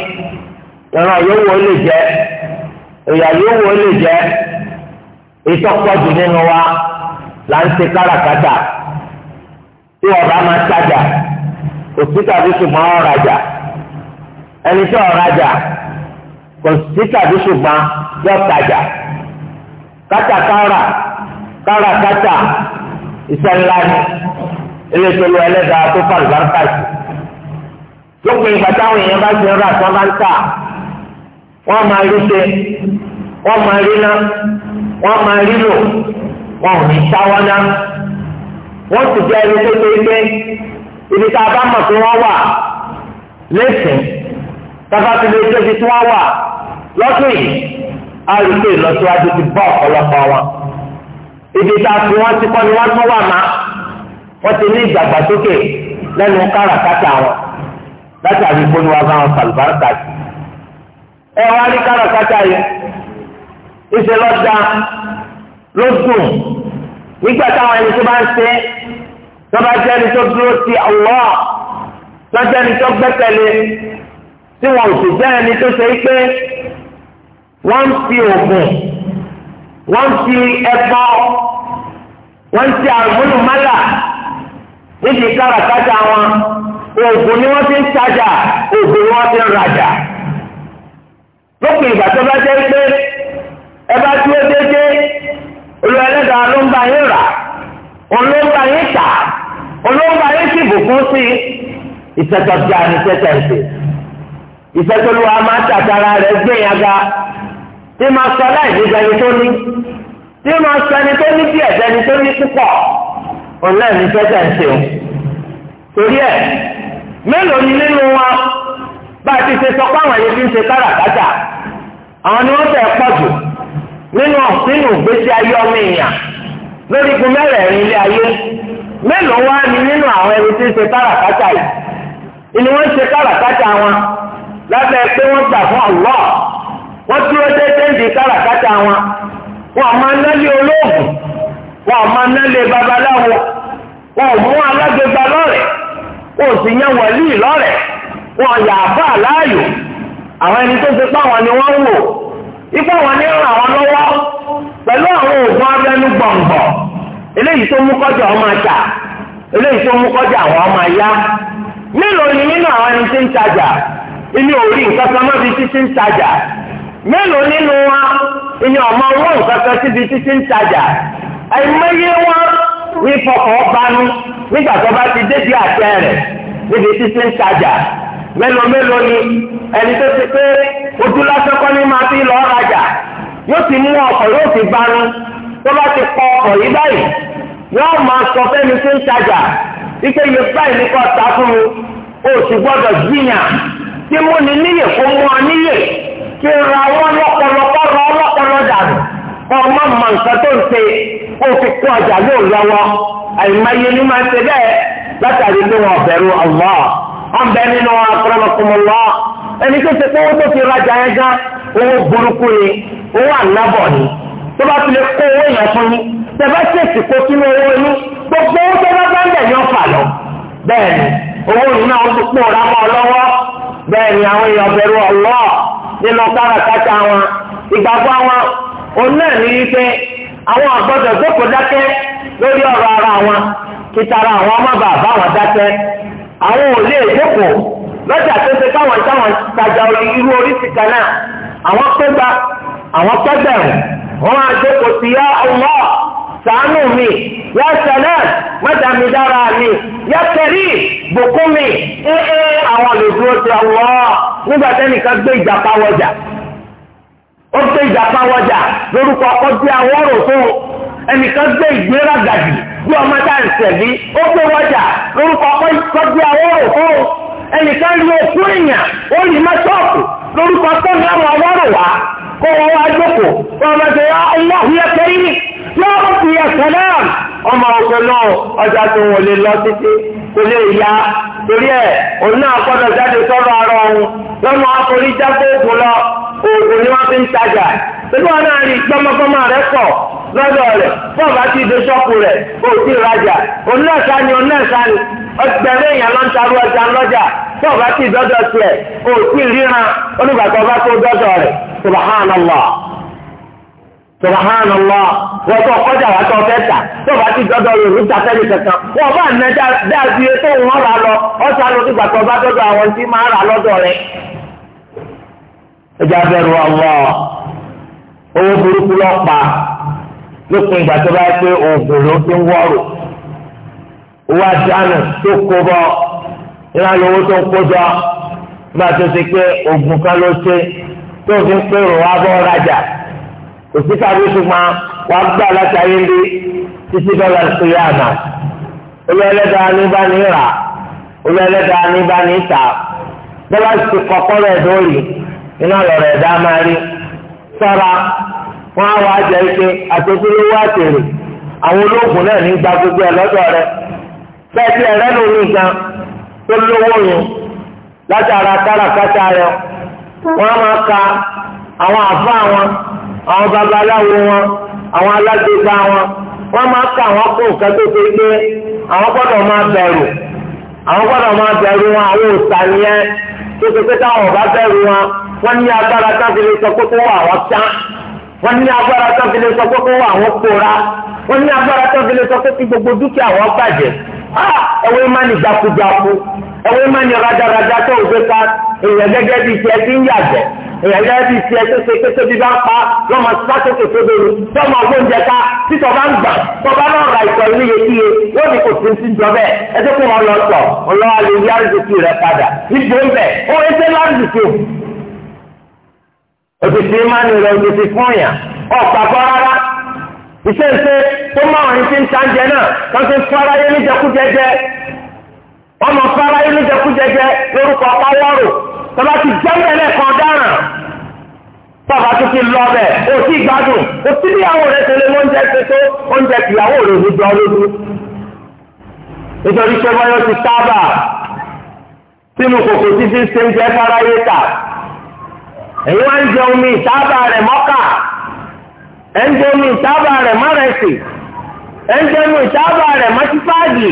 ìran yòówù ó lè jẹ ìyà yòówù ó lè jẹ ìtọ́pọ̀jù nínú wa là ń ṣe káràkátà tí ọba máa tajà òsì tàbí ṣùgbọ́n ọ̀rajà ẹni tí ọ̀rajà kò sí tàbí ṣùgbọ́n yọ tajà kátàkárà káràkátà iṣẹ́ ni ilé tó ẹlẹ́dàá tó fà lùbáńkà sí lópin ìgbà táwọn èèyàn bá ti ń rà tán bá ń tà wọ́n máa rí ṣe wọ́n máa rí ná wọ́n máa rí lò wọn ò ní sáwọ́ ná wọ́n sì jẹ́ ẹni tó ṣe pé ibi tá a bá mọ̀ pé wọ́n wà lẹ́sìn tábà tí lè tóbi tí wọ́n wà lọ́sìn yìí a rí pé ìlọsíwájú ti bá ọ̀pọ̀lọpọ̀ wọn ibi tá a fi wọ́n ti kọ́ ni wọ́n tún wà má wọ́n ti ní ìdàgbàsókè lẹ́nu káràkátà wọn látàrí gbóni wa báwọn sàlùbáríkà sí. ẹ wá rí káràkátà yìí ìṣe lọ́dà ló dùn nígbà táwọn ẹni tó bá ń ṣe tọ́ba jẹ́ ẹni tó dúró sí Allah tọ́jà ẹni tó gbẹ́kẹ̀lé tí wọn ò sì jẹ́ ẹni tó ṣe pé wọ́n ń fi oògùn wọ́n ń fi ẹ̀fọ́ wọ́n ń ṣe àmúlùmálà níbi káràkátà wọn oògùn ni wọ́n ti ń tajà oògùn ni wọ́n ti ń rajà lópin ìgbà tó bá jẹ́ pé ẹ bá dúró dédé olú ẹlẹ́dàá ló ń bá yín rà òun ló ń bá yín tà òun ló ń bá yín sì bùkún sí ìtẹ̀tọ̀ bíi àníṣẹ́tẹ̀ ń máa tàtàrà rẹ̀ gbé yaga tí máa sọ aláìsí ẹni tó ní tí máa sọ ẹni tó ní bí ẹ̀sẹ̀ ẹni tó ní púpọ̀ ọ̀nà ẹni tẹ́tẹ̀ ń torí ẹ̀ mélòó ni nínú wọn bá ti ṣe sọ pé àwọn ẹni ń ṣe káràkátà àwọn ni wọn fẹ́ pọ̀ jù nínú nínú ìgbésí ayé ọmọ èèyàn lórí ikú mẹ́rẹ̀ẹ̀rin ilé ayé mélòó wá ni nínú àwọn ẹni tí ń ṣe káràkátà yìí ìní wọn ń ṣe káràkátà wọn lábẹ́ pé wọn gbà fún ọ̀lọ́ wọn dúró déédéé di káràkátà wọn wọn máa ń nálé olóògùn wọn máa nálé babaláwo wọn ò mú alágbèbá lọ́rẹ̀ẹ́ wọn ò sì yan wọn yà àbá láàyò àwọn ẹni tó ti pa wọn ni wọn ni ràn wọn pẹ̀lú àwọn oògùn abẹ́nú gbọ̀ǹgbọ̀ eléyìí tó mú kọjá ọmọ àjà eléyìí tó mú kọjá àwọn ọmọ àyá mélòó ni nínú àwọn ẹni tí ń tajà inú orí fi títí ń tajà mélòó nínú wa ìyẹn ọmọ owó wífọkọ̀ ọbanú nígbà tó bá ti dé di àtẹ rẹ̀ níbi títí ń tajà mélòó mélòó ni ẹni tó ti pé ojú lásán kọ́ ní máa fi lọ́ọ́ rajà yóò ti mú ọkọ̀ yóò ti banú tó bá ti kọ ọkọ̀ yìí sọ tó ń tajà ike iye báyìí ní kò ta fún mi o sì gbọ́dọ̀ kí mo ní níyè kó mú ọ níyè kí n ra ọmọ mọ nǹkan tó ń ṣe kó fi kó ọjà lóò lọ́wọ́ àìmáyé ni máa ń ṣe bẹ́ẹ̀ látàrí pé wọn bẹ̀rù ọ̀wọ́ ọ̀nbẹ nínú akọ́nàkùnmọ̀lọ́ ẹni tó ṣe pé owó tó fi rajà yẹn gan owó burúkú ni owó àlábọ̀ ni tó bá fi lè kó owó yẹn fún yín tẹ̀bá ṣèṣì kó sínú owó yín gbogbo owó tó bá bá ń bẹ̀ ní ọ̀fà lọ bẹ́ẹ̀ ni owó yìí ti pòórá mọ́ lọ́wọ́ bẹ́ẹ̀ ni àwọn èèyàn bẹ̀rù ọ̀wọ́ nínú káràkátà wọn ìgbàgbọ́ wọn onu naa ní ife àwọn àgbọ̀dọ̀ jókòó dake lórí ọrụ ara wọn kí awọn àwọn ọmọ dake wọn dákẹ́ àwọn ò lè jókòó lọ́jà tó ṣe káwọn táwọn tajà irú oríṣi kan náà àwọn pẹ́gbà àwọn pẹ́gbẹ̀rún wọn máa jókòó sí yá ọmọ ṣàánú mi yá mi dára mi yá kẹrí bùkún mi ẹ ẹ àwọn lè dúró nígbà ó gbé ìjàpá wọjà lórúkọ ọdún àwọn ọ̀rọ̀ fún ẹnìkan gbé ìgbéragàdì bí ọmọ tá à ń tẹ̀lé ó gbé wọjà lórúkọ ọdún àwọn ọ̀rọ̀ fún ẹnìkan rí òkú èèyàn ó rí mọ́tọ́ọ̀kù lórúkọ tó ń láwọn ọlọ́rọ̀ wá kó wọn wá jókòó wọn bá ṣe wá ọlọ́hùn yẹ kẹ́yìn yóò fi ẹsẹ̀ náà ọmọ ọkọ náà ọjà tó wọlé lọ títí kò lè ya torí ẹ̀ òun náà gbọ́dọ̀ jáde sọ̀rọ̀ ara òun lọ́nà akọrí jágbó ògùn lọ ògùn ni wọ́n fi ń tajà nínú ọ̀nà àrí gbọ́mọgbọ́mọ rẹ̀ pọ̀ lọ́dọ̀ rẹ̀ fún ọba tí ìdè ṣọ́ọ̀kù rẹ̀ kò tí ì rajà òun náà sáni òun náà sáni ọgbẹ̀rẹ̀ èèyàn ló ń tarú ọjà ńlọ́jà fún ọba tí ìdọ́dọ̀ tiẹ̀ kò tí ì ríran onígbàgbọ́ bá tó dọ́dọ̀ rẹ̀ subhanallah. subahana Allah wọ́n tó kọjá wa tó tó bá ti dọ́dọ̀ rẹ̀ ní tàfẹ́lì kankan wọ́n bá nà dáàbí rà lọ ọ̀sà ti gbàtọ̀ bá dọ́dọ̀ àwọn tí máa rà lọ́dọ̀ rẹ̀. ẹja bẹ̀rù ọ̀wọ́ owó burúkú lọ pa lópin ìgbà tó bá yẹ oògùn ló ti ń wọ́rò owó àdánù tó kó bọ́ òsì tàbí ṣùgbọ́n wàá gbà látàrí ndí títí dọ́là ìṣòyà àná olú ẹlẹ́dàá ní bá ní rà olú ẹlẹ́dàá ní bá ní tà dọ́là ti kọ́kọ́rọ́ ẹ̀ dóòlì iná lọ̀rọ̀ ẹ̀dá máa rí sọ́ra wọn á wá ike àtòkúrú wá tèrè àwọn olóògùn náà ní gba gbogbo ẹ̀ lọ́dọ̀ rẹ fẹ́ẹ́tì ẹ̀rẹ́ ló ní gan tó lówó ara látara á ka àwọn àfa wọn. àwọn babaláwo wọn àwọn alágbèbá wọn wọ́n máa kà wọ́n kó nǹkan tó ṣe pé àwọn gbọ́dọ̀ máa bẹ̀rù àwọn gbọ́dọ̀ máa bẹ̀rù wọn àwọn òòṣà yẹn tó ṣe pé táwọn ọba bẹ̀rù wọn wọ́n ní agbára tábìlì sọ pé kó wà wọ́n tán wọ́n ní agbára tábìlì sọ pé kó wà wọ́n pòórá wọ́n ní agbára tábìlì sọ pé kí gbogbo dúkìá wọn bàjẹ́ ẹ̀wọ́n ìmá ni gbakugbaku ẹ̀wọ́n ìmá ni rádaràdà tó ń gbé ká èèyàn gẹ́gẹ́ bíi èèyàn gẹ́gẹ́ bí ìṣe ẹjọ́ ṣe pé tóbi bá ń pa lọ́mọ sátòkè sódòrò tọ́mọ ọgbóúnjẹ ká títọ́ bá ń gbà tọ́ba náà ra ìtọ́ iléyekíye yóò ní kò sí sí jọ bẹ́ẹ̀ ẹjọ́ kó wọn lọ sọ ọlọ́wà lè yá rìsìkì rẹ padà níbo ń bẹ̀ ó ń ṣe lárìsìkì òtítì mánu rẹ òtítì fún yàn ọ̀pá kọ́ rárá iṣẹ́ ìṣe tó máa ń ṣe ń ṣàǹjẹ náà wọ́n ti fara yé níjẹkújẹjẹ wọ́n mọ̀ fara yé níjẹkújẹjẹ lórúkọ pàwọ́rò tọba ti jẹ́lẹ̀ lẹ́ẹ̀kan dáràn tọba tó ti lọ bẹ̀ o ti gbádùn o ti níyàwó rẹ tẹ̀lé oúnjẹ ti tó oúnjẹ tìyàwó rẹ ò ní jọ lójú. nítorí pé wọ́n yóò ti sábà sínú kòkò títí ṣe ń jẹ́ fáráyé ta èyí wá ń jẹ omi ìtaàbà rẹ̀ mọ́kà ẹ̀ ń jẹ omi ìtaàbà rẹ̀ mọ́rẹ̀sì ẹ̀ ń jẹ omi ìtaàbà rẹ̀ mọ́tífáàgì.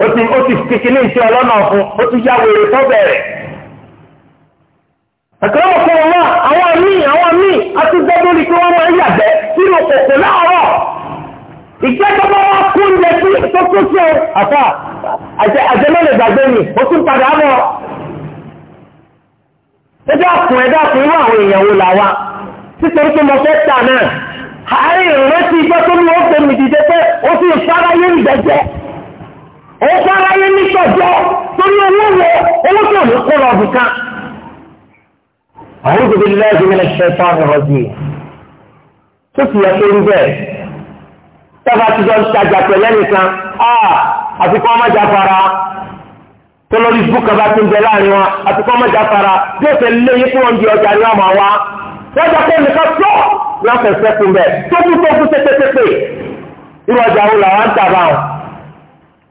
ó ti ó ti kékeré iṣẹ́ ọlọ́nà fún ó ti yá wèrè tó bẹ̀rẹ̀. ẹ̀kọ́ ọ̀fọ̀ wa àwọn míì àwọn míì a ti gbọ́ lórí pé wọ́n máa ń yàgbẹ́ sínú kòkò láàárọ̀. ìjẹ́ tó bá wá kó ń lẹ sí tó tó tó àfà àjẹmọ́lẹ̀ gbàgbé mi ó tún padà mọ́. ẹ dákun ẹ dákun irú àwọn èèyàn wo làwa títorí pé mo fẹ́ tà náà àárín ìrántí ìgbà tó ní ó gbé mi dìde pé ó fi ìfárayé ìgbẹ́jẹ́ òkú aráyé ní sọjọ́ torí owó wo owó tó ní kó lọ bìkan. àwọn òbí lẹ́yìn mi lè ṣe tán ọ̀rọ̀ jì tó sì yẹ kó ń bẹ̀. tọ́ba ti jọ ń tajà pẹ̀lú ẹnìkan ah, àti kọ́ ọmọ jà fara tọ́lọ́rí búkà bá ti ń bẹ láàrin wọn àti kọ́ ọmọ jà fara bí ó fẹ́ lé yín fún oúnjẹ ọjà ní ọmọ wa. wọ́n jà pé nìkan tó lọ́fẹ̀ẹ́ sẹ́kùn bẹ̀ tó kú tó kú tẹ́tẹ́tẹ́tẹ́ irú ọjà wo làwọn ń tà báwọn.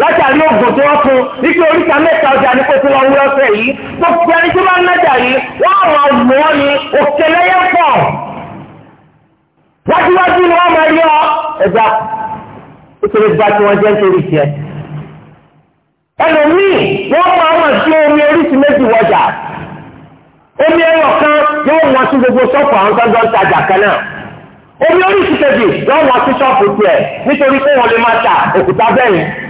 látàrí oògùn tí wọ́n fún wípé oríta mẹ́ta ọjà ní kó tó lọ wúlọ́ fẹ́ yìí gbogbo ẹni tó bá ń nájà yìí wọ́n àwọn ọ̀gbìn wọn ni òkèlè yẹn pọ̀ wájúwájú ni wọ́n máa yọ ẹ̀dá nítorí gba tí wọ́n jẹ́ nítorí tiẹ̀. ẹlòmíì wọ́n máa wọ̀ sí omi oríṣi méjì wọjà omi ẹyọ kan yóò wọ́n sí gbogbo ṣọ́ọ̀pù àwọn gbọ́ngàn tajà kan náà omi oríṣi kejì yóò wọ́n sí ṣọ́ọ̀pù tiẹ̀ nítorí pé wọ́n lè máa ta òkúta bẹ́ẹ̀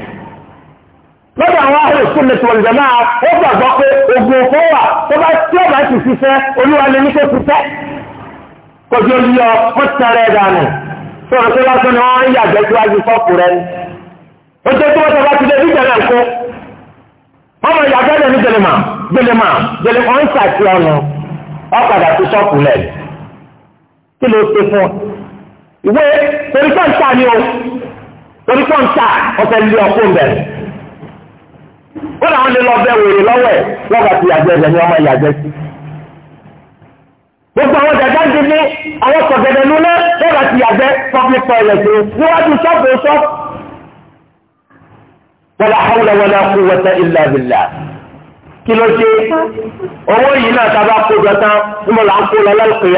lọ́dọ̀ àwọn ahọ́ ìsúnmi tí wọ́n jẹ̀mọ́ a ó gbàgbọ́ pé ogun òfò wà tó bá tí ọ̀bá sì fífẹ́ olúwa lè ní kó fífẹ́ kọjú olùyọ mọ́tàrẹ́ dànù sọ̀rọ̀ tó lásán ni wọ́n ń yàgbẹ́ síwájú fọ́ọ̀kù rẹ ni. ó jẹ́ tí wọ́n sọ bá ti lè díjẹ̀ náà kó ọmọ yàgbẹ́ rẹ̀ ní gbẹlẹ́mà gbẹlẹ́mà gbẹlẹ́mà ń sàtì ọ̀nà ọ̀kadà tó sọ́ọ̀kù rẹ̀ kí ló ṣe fún ìwé torí pọ́ńtà ni o torí pọ́ńtà ọ̀fẹ́ lé ó làwọn lè lọ bẹ wèrè lọ́wọ́ ẹ̀ lọ́gbà tí yàgbẹ́ ẹ̀jẹ̀ ni wọ́n máa yàgbẹ́ sí. gbogbo àwọn jàdá ń dín ní àwọn sọ̀gẹ̀dẹ̀ lúná lọ́gbà tí yàgbẹ́ public toilet níwájú sọ́ọ̀bù sọ́ọ̀bù. wala hawla wala quwwata illa billah kí ló ṣe owó yìí náà tá a bá kó jọ tán ní mo là ń kó lọ lọ́ọ̀kì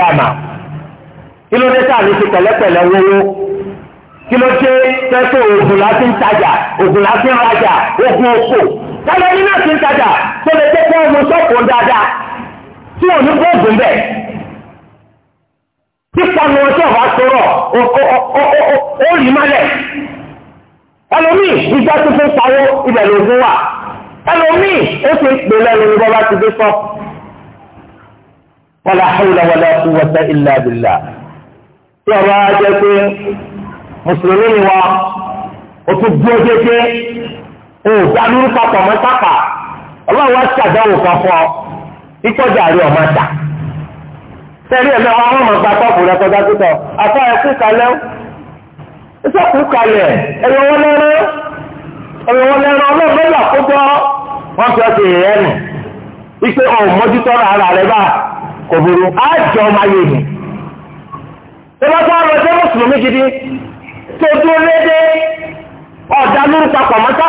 kí ló dé tẹ́tọ̀ òògùn láti ń tajà òògùn láti ń rajà òògùn oko tálẹ́ ní náà ti ń tajà tó lè jẹ́ kó ọmọ sọ́ọ̀pù dáadáa tí ò ní gbóògùn bẹ́ẹ̀. Pípanu ọjọ́ ọ̀bá sọ̀rọ̀ ó rí málẹ̀. Ẹlòmíì ìjọ tuntun sáwọ́ ibẹ̀ lògùn wà. Ẹlòmíì ó ti pè lẹ́nu ní bọ́lá ti dé sọ́ọ̀pù. Wala hawla wala quwwata illa billah. Tí ọba jẹ́ pé Mùsùlùmí ni wa, ó tún dúró o ò dá lórí papọ̀ mọ́ sápà ọdụ wá kan fún ọ rí ọmọ ta tẹ̀lé ẹ̀ lọ́wọ́ ọmọ gba tọ́pù rẹ kọjá títọ̀ àfọ ẹ̀kú kalẹ̀ ìṣọ̀kú kalẹ̀ wọn lẹ́rọ wọn lẹ́rọ wọn fi nù ọ̀mọ́jútọ́ ara rẹ bá kò àjọ ọmọ ayé mi ẹgbẹ́ mùsùlùmí gidi tó dúró ọ̀dà lórúkọ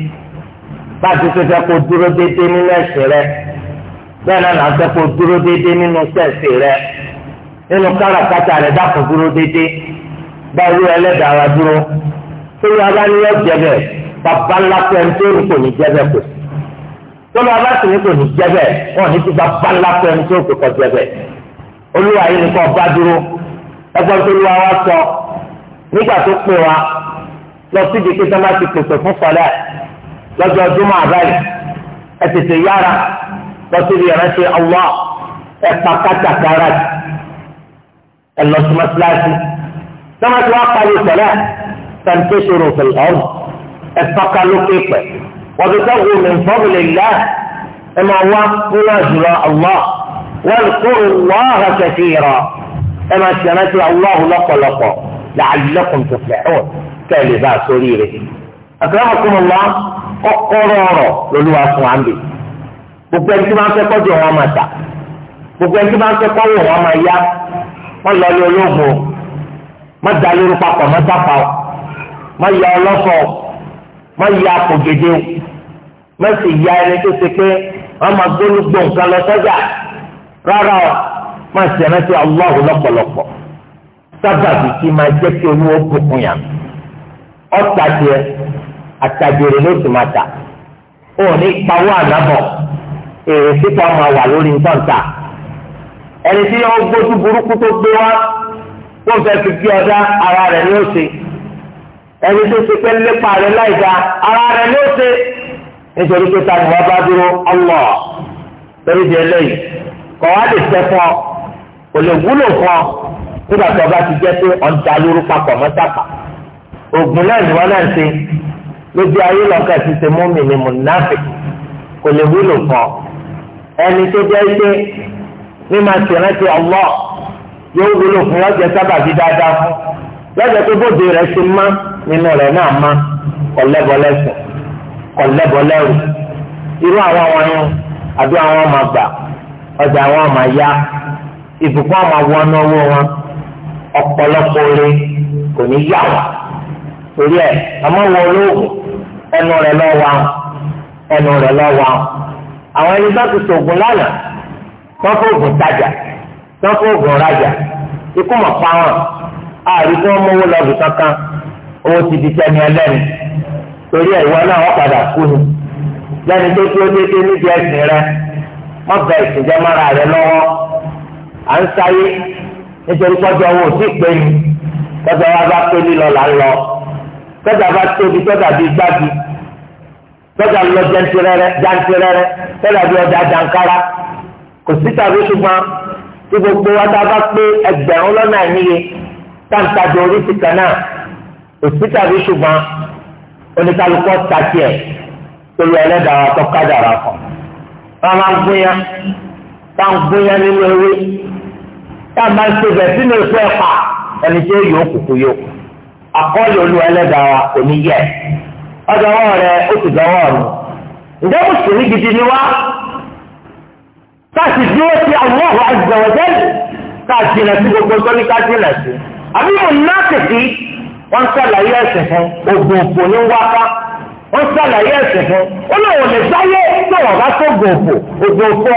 bá a ti ṣe fẹ́ kó dúró déédéé nínú ẹ̀sìn rẹ bẹ́ẹ̀ náà là ń fẹ́ kó dúró déédéé nínú sẹ́ẹ̀sì rẹ nínú káràkátà rẹ dákun dúró déédéé bá irú ẹlẹ́dàá wa dúró torí abániyọ jẹbẹ bàbá ńlá pé ẹni tó ní kò ní jẹbẹ kò tọ́lú abáṣe ní kò ní jẹbẹ wọn ní ti bàbá ńlá pé ẹni tó kò kọ jẹbẹ olúwa yìí nìkan bá dúró ẹgbọ́n tó lù wá sọ nígbà tó pè wá lọ síbi pé sọ́mà lọ́jọ́ júmọ̀ àbáyé ẹ tètè yára lọ síbi ìrántí Allah ẹ pa kátàkárà ẹ lọ sí mọ́síláṣí tọ́mọ́tí wọ́n parí ìṣẹ̀lẹ̀ sanitation of the earth ẹ fọ́ká lókè pẹ̀ wọ́n ti sọ́kùn mi fọ́bìlì ìlà ẹ máa wá kúrò jùlọ Allah wọ́n kúrò wọ́ọ̀hà kẹ̀kẹ́ ìrọ̀ ẹ máa ṣe ìrántí Allah lọ́pọ̀lọpọ̀ làálùlọ́kùn tó fẹ̀ ọ́ kẹ́lẹ́ bá sórí rẹ̀ àkàrà ọkùnrin wọn. kọ́kọ́rọ́ ọ̀rọ̀ lolúwa fún wa ń bè gbogbo ẹni tí máa ń fẹ́ kọ́jọ wọn máa tà gbogbo ẹni tí máa ń fẹ́ kọ́wọ́ wọn máa yá wọ́n lọ lé ológun o má da lóru papọ̀ má sápa o má ya ọlọ́sọ o má ya àpògede o má sì ya ẹni tó ṣe pé wọ́n máa gbólúgbò nǹkan lọ sọ́jà rárá o má sì rántí aláhùn lọ́pọ̀lọpọ̀ sábàbí kí máa jẹ́ kí olúwo bùkún yàn ọ́ tàbí àtàgbèrè ló sì máa tà ó ní pawó ànábọ̀ èrè síta máa wà lórí nǹkan tà ẹni tí yóò gbójú burúkú tó gbé wá kó fẹ́ fi kí ọ̀dá ara rẹ̀ ló ṣe ẹni tó ṣe pé lépa rẹ̀ láì dá ara rẹ̀ ló ṣe nítorí pé ta ni wọ́n bá dúró ọlọ́ lórí di eléyìí kọ̀ wá lè tẹ́ fún ọ kò lè wúlò fún ọ nígbà tó o bá ti jẹ́ pé ọ̀ǹda lórúkọ pọ̀ mọ́tàkà ògùn náà ni wọ́n náà ń ṣe lójú ayé lọ́kàn ti ṣe mọ́mì ni mùnáfíkì kò lè wúlò kan ẹni tó jẹ́ pé mímọ tìrántí ọlọ́ yóò wúlò fún lọ́jọ́ sábàbí dáadáa fún lọ́jọ́ tó bóde rẹ̀ ti má nínú rẹ̀ náà má kọ̀lẹ́bọ̀lẹ́sùn kọ̀lẹ́bọ̀lẹ́rù irú àwọn wọ̀nyí àbí àwọn ọmọ àgbà ọjà àwọn ọmọ ya ìbùkún àwọn ọmọ wọn ọ̀pọ̀lọpọ̀ orin kò ní yá wọn. torí ẹ àmọ́ wọ olóògùn ẹnu rẹ lọ wà ẹnu rẹ lọ wà àwọn ẹni bá ti lánàá ògùn tajà tọ́fọ́ ògùn rajà ikú mọ̀ pa àrí tí wọ́n mówó lọ́ọ̀dù kankan owó ti di tẹni ẹlẹ́ni torí ẹ ìwọ náà wọ́n padà kú ni lẹ́ni tó tó dédé níbi ẹ̀sìn rẹ wọ́n bẹ rẹ lọ́wọ́ à ń sáyé nítorí pọ́jọ́ owó ò tọ́jà bá tóbi tọ́jà bíi gbági tọ́jà lọ jantirẹrẹ tọ́jà bíi ọjà dankara kò sí tàbí ṣùgbọ́n tí gbogbo wa tá a bá pé ẹgbẹ̀rún lọ́nà àìníye táǹtajà oríṣi kan náà kò sí tàbí ṣùgbọ́n oníkálukọ́ ta tiẹ̀ torí ẹlẹ́dàá tó kádàrà kan wọ́n máa ń gbóyà tá ń gbóyà nínú ewé tá a máa ń ṣe bẹ̀ sínú ìfẹ́ pa ẹni tí ó yọ òkùnkùn yòókù àkọọ́lẹ̀ olúwa ẹlẹ́dàá wa kò ní yẹ ọdọwọ́ rẹ ó sì dọwọ́ mi ǹjẹ́ mùsùlùmí gidi ni wá káàsì dúró sí Allahu azza wa jalla káàsì rẹ̀ sí gbogbo sọ́ni káàsì rẹ̀ sí àbí mo ná tètè wọ́n sàlàyé ẹ̀sìn fún ogun òfò ní wáká wọ́n sàlàyé ẹ̀sìn fún ó lè sáyé náà bá tó ogun òfò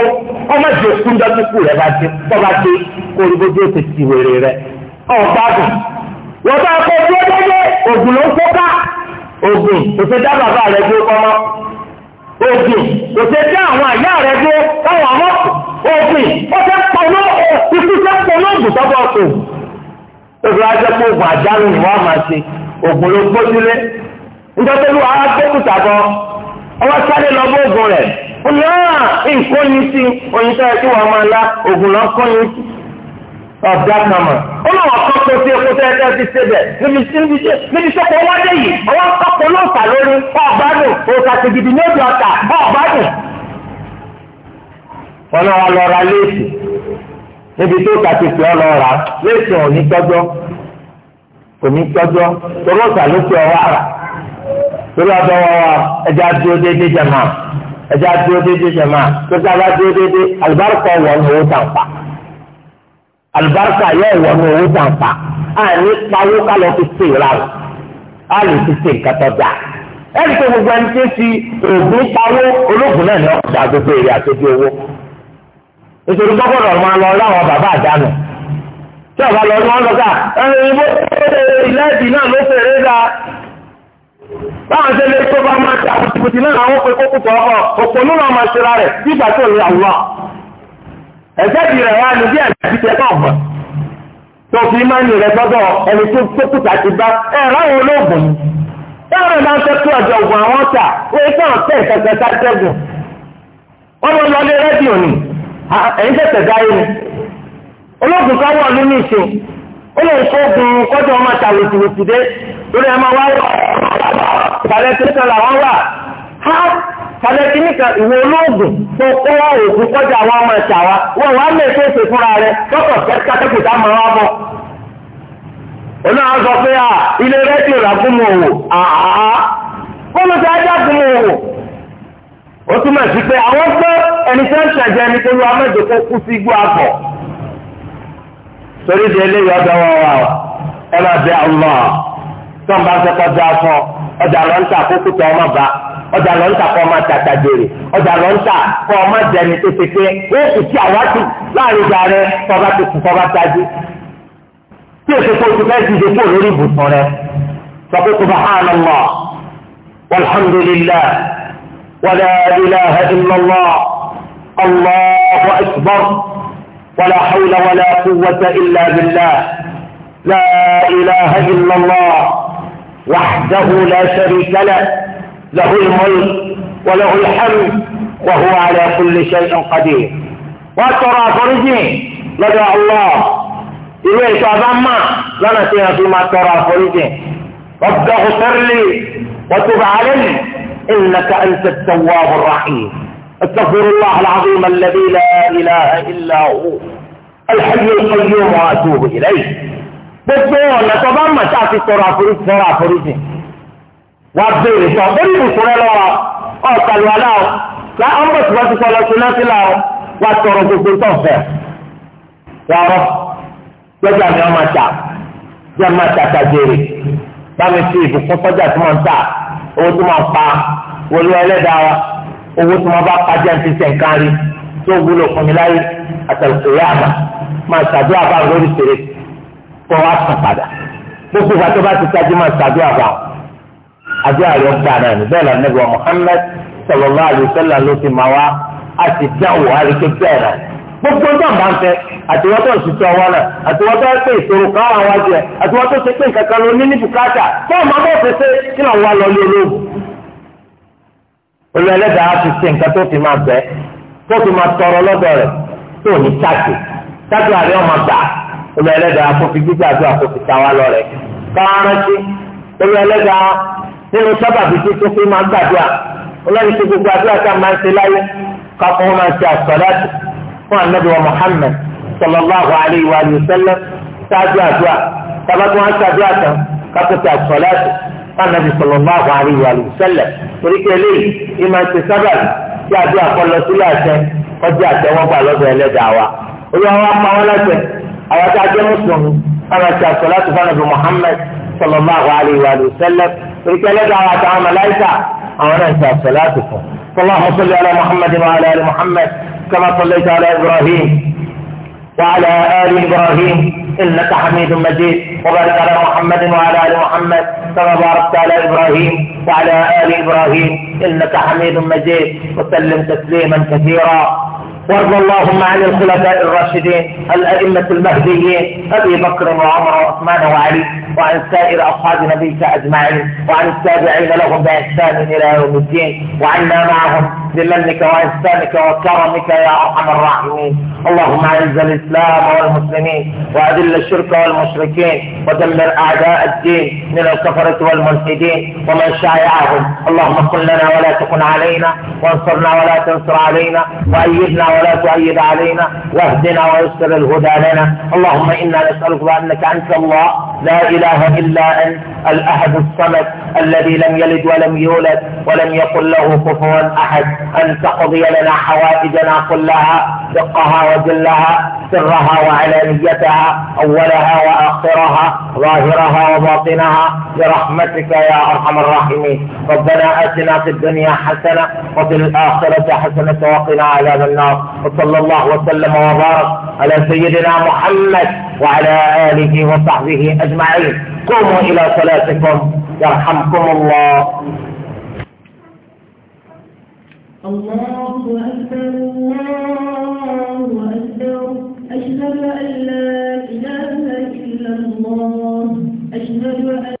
ọmọ ìjọ kúndọ́tìkù rẹ̀ bá dé kó o rí gbogbo ètò ìwèrè rẹ̀ ọ̀ wọ́n bá kọ́ dúró dédé ògùn ló ń kópa ògùn kò dá bàbá rẹ̀ dúró kọ́mọ́ ògùn dá àwọn àyà dúró káwọn ọmọ ògùn pọnú pọnú ògùn ògùn pé ògùn àjálù ni máa ṣe ògùn ló gbójúlé ọwọ́ sáré lọ ògùn rẹ̀ ọ̀dà kama ó lọ wọ́n kọ́ tó sí epo tẹ́ ẹ ti ṣe bẹ̀ níbi níbi níbi tó kọ́ wọ́n dé yìí ọwọ́ ọkọ̀ ló fà lórí ọ̀gbádùn òòtà tìgìdì ní òbí ọ̀tà ọ̀gbádùn. wọn náà wà lọ́ra léèsì níbi tó ta ti pè ọ́ lọ́ra léèsì ò ní tọ́jọ́ kò ní tọ́jọ́ torí ọ̀tà ló fi ọwọ́ àrà torí ọ̀dọ́ wọn wà ẹja dúró déédéé jẹ̀má ẹja dúró déédéé jẹ̀má tó tá a bá dúró déédéé àlùbáríkọ̀ wọ̀ ọ́ àlùbáríkà yẹ ìwọ ní owó jàǹfà àní pawó kálọ̀ fi ṣe ìlànà a lè fi se nǹkan tó dáa ẹni tó gbogbo ẹni tó fi òògùn pawó olóògùn náà ní ọjà gbogbo èrè àtòjú owó nítorí gbọ́dọ̀ máa lọ láwọn bàbá àdánù tí ọba lọ ní wọn lọ ká ẹni ìbò ìlẹ́ẹ̀dì náà ló fèrè ga báwọn ṣe lè tó bá máa ṣe àbùtìbùtì náà àwọn pé kókó pọ̀ ọkọ̀ òpó nínú ọmọ ìṣura rẹ̀ bí ìgbà tó ń lọ ẹ̀jẹ̀ bí rẹ̀ wá ní bí àti tẹ náà mọ̀ tó fi máa ń rẹ̀ gbọ́dọ̀ ẹni tó tókùtà ti bá ẹ̀ ráwọn olóògùn ni máa ń ògùn àwọn wọ́n sátẹ́gùn wọ́n lọ lọ lé ni dáyé ni olóògùn ká wọ̀ nínú ìṣe ó lè kó kọ́jọ́ ọmọ ta dé lórí pàtàkì nìkan ìwé olóògùn tó kó òògùn kọjá àwọn ọmọ ẹ̀ṣà wa wọn wàá lè tó èsè fúnra rẹ tọkọ kátàkùtà máa wá bọ. òun náà sọ pé ilé rẹ́díò làgùnmọ̀ òwò ajá gùnmọ̀ òwò. ó túmọ̀ sí pé àwọn gbọ́ ẹni tó ń ẹni tó lu amẹ́jọ kú sí igbó di eléyìí ọjọ́ wọn wà ọjà lọ ń tà kó kúta ọmọ bá ọjà lọ ń tà kó ọmọ tàtà jèrè ọjà lọ ń tà kó ọmọ jẹni pépépé ó kù sí àwátì láàrin ìgbà rẹ tọba tó kù tọba tajú tí èso kó tó fẹ́ dìde kó lórí ibùsùn rẹ sọ pé subhanallah walhamdulillah wala ilaha illallah allahu akbar wala hawla wala quwwata illa billah la ilaha illallah. وحده لا شريك له له الملك وله الحمد وهو على كل شيء قدير وترى فرجي لدى الله إليه تعظم لنا فيها فيما ترى فرجي رب اغفر لي وتب علي إنك أنت التواب الرحيم استغفر الله العظيم الذي لا إله إلا هو الحي القيوم وأتوب إليه gbogbo ọ̀nà tó bá mọ̀ tá a ti tọrọ àforíjì tọrọ àforíjì wàá béèrè sọ ó ní ìbùkún rẹ lọ́wọ́ ọ̀tàlù aláwọ̀ la ọ̀n bọ̀ tìwọ́ ti sọ̀rọ̀ sí lọ́sí la wà tọrọ gbogbo tó fẹ́ yàrá gbẹ́jà mi ọmọ ta jẹ́ máa tàtà jèrè bámi fi ìbùkún sọ́jà tí wọ́n ń tà owó tí wọ́n pa wọlé ẹlẹ́dàá wa owó tí wọ́n bá pa jẹ́ ti sẹ̀ nǹkan rí tó wúlò fún mi láyé àtàlùkò yá àmà máa tàbí àbá kọ́ wa sàn padà gbogbo ìgbà tó bá ti tají máa ṣàdúrà bá wọn àdúrà rẹ̀ gbà náà ní bẹ́ẹ̀ lọ́nà ìwà Muhammad sallallahu alaihi wasallam ló ti máa wá a ti dáwọ̀ àríkẹ́ bẹ́ẹ̀ náà gbogbo ń dàgbà ń fẹ́ àtiwọ́tò ìṣiṣẹ́ ọwọ́ náà àtiwọ́tò pé ìṣòro kan àwọn àjẹ àtiwọ́tò ṣe pé nǹkan kan ló ní ní bùkátà fún ọmọ bó ṣe ṣe kí náà wà lọ lé olóògùn. olú ẹlẹ́dàá ti ṣe nǹkan tó fi máa bẹ́ tó fi máa tọrọ lọ́dọ̀ rẹ̀ tó ní táàkì táàkì àrẹ ọmọ gbà ọmọ ẹlẹ́dàá kó fi gbígbàdúrà kó fi ta wá lọ́rẹ kárántì ọmọ ẹlẹ́dàá nínú sábàbí tuntun pé máa gbàdúrà ọlọ́run ti gbogbo àdúrà tá a máa ń ṣe láyé kakọ́ máa ṣe àsọ̀dáàtì fún anabi wa Muhammad sallallahu alayhi wa sallam ṣáájú àdúrà tabatu wọn ṣáájú àtàn kakọ́ ṣe àsọ̀dáàtì fún anabi sallallahu alayhi wa sallam torí kẹlẹ́ yìí máa ṣe sábàbí tí àdúrà kọ́ lọ sílẹ̀ àṣẹ kọjá àtẹwọ́gbà lọ́dọ̀ ẹlẹ́dàá wa olùwàwọ̀ apá wọn lọ́sẹ̀ àwọn tá مسلم jẹ́ mùsùlùmí àwọn محمد صلى الله عليه وآله وسلم إذا sallam ìrìkẹ́ lẹ́dọ̀ àwọn àtàwọn mọ̀láìkà àwọn náà ti àsọ̀láṣí اللهم صل على محمد وعلى ال محمد كما صليت على ابراهيم وعلى ال ابراهيم انك حميد مجيد وبارك على محمد وعلى ال محمد كما باركت على ابراهيم وعلى ال ابراهيم انك حميد مجيد وسلم تسليما كثيرا وارض اللهم عن الخلفاء الراشدين الأئمة المهديين أبي بكر وعمر وعثمان وعلي وعن سائر أصحاب نبيك أجمعين وعن التابعين لهم بإحسان إلى يوم الدين وعنا معهم بمنك وإحسانك وكرمك يا أرحم الراحمين اللهم أعز الإسلام والمسلمين وأذل الشرك والمشركين ودمر أعداء الدين من الكفرة والملحدين ومن شايعهم اللهم كن لنا ولا تكن علينا وانصرنا ولا تنصر علينا وأيدنا ولا تؤيد علينا واهدنا ويسر الهدى لنا اللهم إنا نسألك بأنك أنت الله لا إله إلا أنت الأحد الصمد الذي لم يلد ولم يولد ولم يقل له كفوا أحد أن تقضي لنا حوائجنا كلها دقها وجلها سرها وعلانيتها أولها وآخرها ظاهرها وباطنها برحمتك يا أرحم الراحمين ربنا أتنا في الدنيا حسنة وفي الآخرة حسنة وقنا عذاب النار وصلى الله وسلم وبارك على سيدنا محمد وعلى آله وصحبه أجمعين قوموا إلى صلاتكم يرحمكم الله الله أكبر الله أكبر أشهد أن لا إله إلا الله أشهد أن